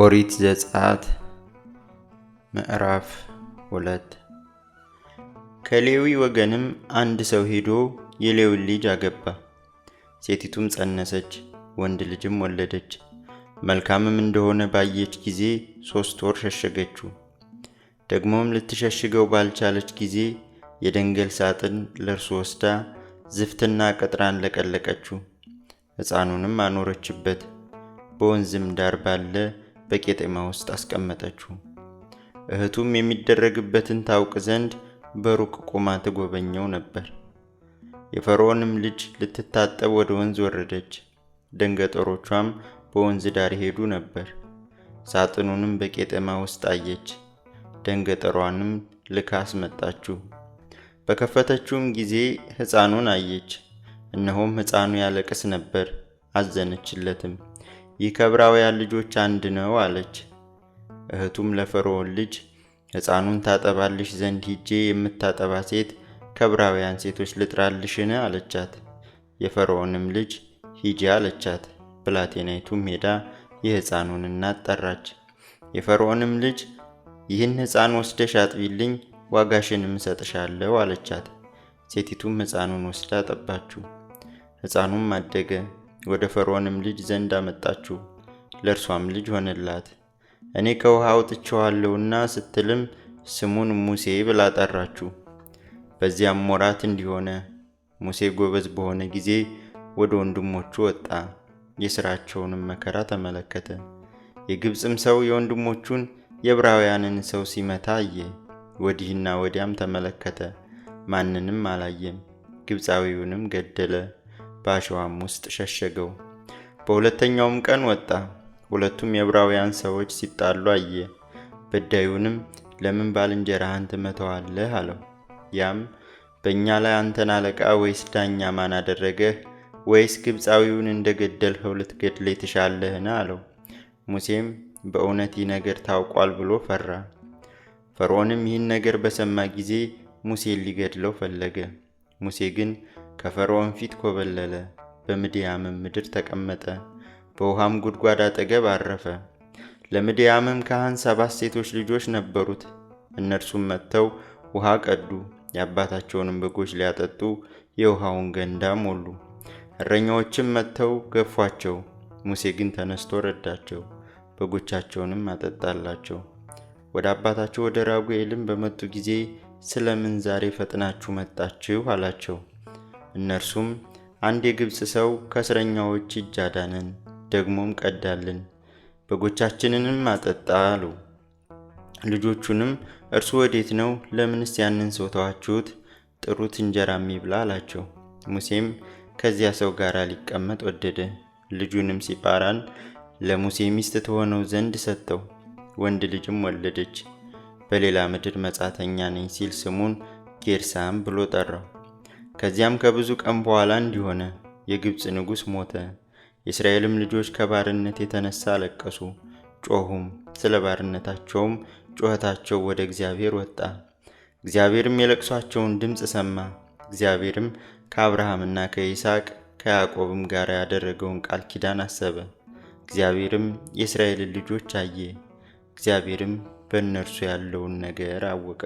ኦሪት ዘጸአት ምዕራፍ ሁለት ከሌዊ ወገንም አንድ ሰው ሄዶ የሌዊን ልጅ አገባ። ሴቲቱም ጸነሰች፣ ወንድ ልጅም ወለደች። መልካምም እንደሆነ ባየች ጊዜ ሦስት ወር ሸሸገችው። ደግሞም ልትሸሽገው ባልቻለች ጊዜ የደንገል ሳጥን ለእርሱ ወስዳ ዝፍትና ቅጥራን ለቀለቀችው። ሕፃኑንም አኖረችበት። በወንዝም ዳር ባለ በቄጠማ ውስጥ አስቀመጠችው። እህቱም የሚደረግበትን ታውቅ ዘንድ በሩቅ ቁማ ትጎበኘው ነበር። የፈርዖንም ልጅ ልትታጠብ ወደ ወንዝ ወረደች። ደንገጠሮቿም በወንዝ ዳር ሄዱ ነበር። ሳጥኑንም በቄጠማ ውስጥ አየች። ደንገጠሯንም ልካ አስመጣችው። በከፈተችውም ጊዜ ሕፃኑን አየች። እነሆም ሕፃኑ ያለቅስ ነበር፣ አዘነችለትም። የከብራውያን ልጆች አንድ ነው አለች። እህቱም ለፈርዖን ልጅ ሕፃኑን ታጠባልሽ ዘንድ ሂጄ የምታጠባ ሴት ከብራውያን ሴቶች ልጥራልሽን? አለቻት። የፈርዖንም ልጅ ሂጂ አለቻት። ብላቴናይቱም ሄዳ የሕፃኑን እናት ጠራች። የፈርዖንም ልጅ ይህን ሕፃን ወስደሽ አጥቢልኝ፣ ዋጋሽንም እሰጥሻለሁ አለቻት። ሴቲቱም ሕፃኑን ወስዳ ጠባችው ሕፃኑም አደገ። ወደ ፈርዖንም ልጅ ዘንድ አመጣችው፣ ለእርሷም ልጅ ሆነላት። እኔ ከውሃ አውጥቼዋለሁና ስትልም ስሙን ሙሴ ብላ ጠራችው። በዚያም ሞራት እንዲሆነ ሙሴ ጎበዝ በሆነ ጊዜ ወደ ወንድሞቹ ወጣ፣ የሥራቸውንም መከራ ተመለከተ። የግብፅም ሰው የወንድሞቹን የብራውያንን ሰው ሲመታ አየ። ወዲህና ወዲያም ተመለከተ፣ ማንንም አላየም። ግብፃዊውንም ገደለ። በአሸዋም ውስጥ ሸሸገው። በሁለተኛውም ቀን ወጣ። ሁለቱም የዕብራውያን ሰዎች ሲጣሉ አየ። በዳዩንም ለምን ባልንጀራህን ትመተዋለህ አለው። ያም በእኛ ላይ አንተን አለቃ ወይስ ዳኛ ማን አደረገህ? ወይስ ግብፃዊውን እንደ ገደልኸው ልትገድል ትሻለህን? አለው። ሙሴም በእውነት ይህ ነገር ታውቋል ብሎ ፈራ። ፈርዖንም ይህን ነገር በሰማ ጊዜ ሙሴን ሊገድለው ፈለገ። ሙሴ ግን ከፈርዖን ፊት ኮበለለ፣ በምድያምም ምድር ተቀመጠ፣ በውሃም ጉድጓድ አጠገብ አረፈ። ለምድያምም ካህን ሰባት ሴቶች ልጆች ነበሩት። እነርሱም መጥተው ውሃ ቀዱ፣ የአባታቸውንም በጎች ሊያጠጡ የውሃውን ገንዳ ሞሉ። እረኛዎችም መጥተው ገፏቸው። ሙሴ ግን ተነስቶ ረዳቸው፣ በጎቻቸውንም አጠጣላቸው። ወደ አባታቸው ወደ ራጉኤልም በመጡ ጊዜ ስለምን ዛሬ ፈጥናችሁ መጣችሁ? አላቸው። እነርሱም አንድ የግብፅ ሰው ከእስረኛዎች እጅ አዳነን፣ ደግሞም ቀዳልን፣ በጎቻችንንም አጠጣ አሉ። ልጆቹንም እርሱ ወዴት ነው? ለምንስ ያንን ሰው ተዋችሁት? ጥሩት፣ እንጀራ የሚብላ አላቸው። ሙሴም ከዚያ ሰው ጋር ሊቀመጥ ወደደ። ልጁንም ሲጳራን ለሙሴ ሚስት ተሆነው ዘንድ ሰጠው። ወንድ ልጅም ወለደች። በሌላ ምድር መጻተኛ ነኝ ሲል ስሙን ጌርሳም ብሎ ጠራው። ከዚያም ከብዙ ቀን በኋላ እንዲሆነ የግብፅ ንጉሥ ሞተ። የእስራኤልም ልጆች ከባርነት የተነሳ አለቀሱ ጮሁም፣ ስለ ባርነታቸውም ጩኸታቸው ወደ እግዚአብሔር ወጣ። እግዚአብሔርም የለቅሷቸውን ድምፅ ሰማ። እግዚአብሔርም ከአብርሃምና ከይስቅ ከያዕቆብም ጋር ያደረገውን ቃል ኪዳን አሰበ። እግዚአብሔርም የእስራኤልን ልጆች አየ። እግዚአብሔርም በእነርሱ ያለውን ነገር አወቀ።